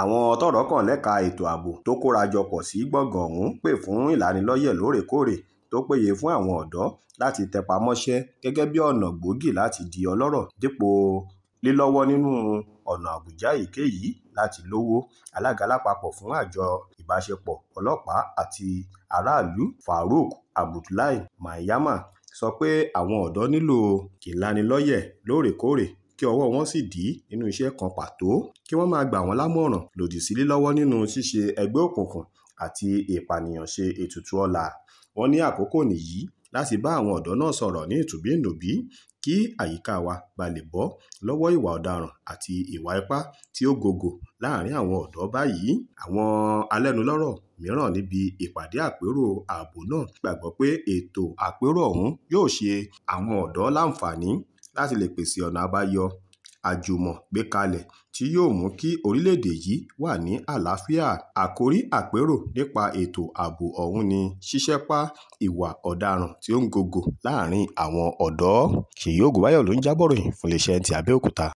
àwọn tọ́rọ̀ kàn lẹ́ka ètò ààbò tó kóra jọ pọ̀ sí gbọ̀ngàn ọ̀hún pè fún ìlanilọ́yẹ̀ lóòrèkóòrè tó péye fún àwọn ọ̀dọ́ láti tẹpa mọ́ṣẹ́ gẹ́gẹ́ bí ọ̀nà gbòógì láti di ọlọ́rọ̀ dípò lílọ́wọ́ nínú ọ̀nà àbùjá èyíkéyìí láti lówó alága lápapọ̀ fún àjọ ìbáṣepọ̀ ọlọ́pàá àti aráàlú Farouk Abdullahi Maiyama sọ pé àwọn ọ̀dọ́ nílò ìlanilọ́yẹ̀ lóòrèkóòrè kí ọwọ́ wọn sì dí nínú iṣẹ́ kan pàtó kí wọ́n máa gbà wọ́n lámọ̀ràn lòdì sí lílọ́wọ́ nínú ṣíṣe ẹgbẹ́ òkùnkùn àti ìpànìyàn ṣe ètùtù ọ̀la wọ́n ní àkókò nìyí láti bá àwọn ọ̀dọ́ náà sọ̀rọ̀ ní ìtùbíǹnùbí kí àyíká wa ba lè bọ́ lọ́wọ́ ìwà ọ̀daràn àti ìwà ipá tí ó gògò láàrin àwọn ọ̀dọ́ báyìí àwọn alẹ́nulọ́rọ̀ mìíràn níbi ìpàdé àpérò ààbò náà gbàgbọ́ pé ètò àpérò ọ̀hún yóò ṣe àwọn ọ̀dọ́ láǹfààní láti lè pèsè ọ̀nà àbáyọ àjùmọ̀gbékalẹ̀ tí yóò mú kí orílẹ̀-èdè yìí wà ní àlàáfíà Àkòrí àpérò nípa ètò ààbò ọ̀hún ni "Ṣíṣẹ́pá ìwà ọ̀daràn tí ó ń gògò láàárín àwọn ọ̀dọ́". Ṣèyí Ògúnbáyọ̀ ló ń jábọ̀ fún iléeṣẹ́ ti Abẹ́òkúta.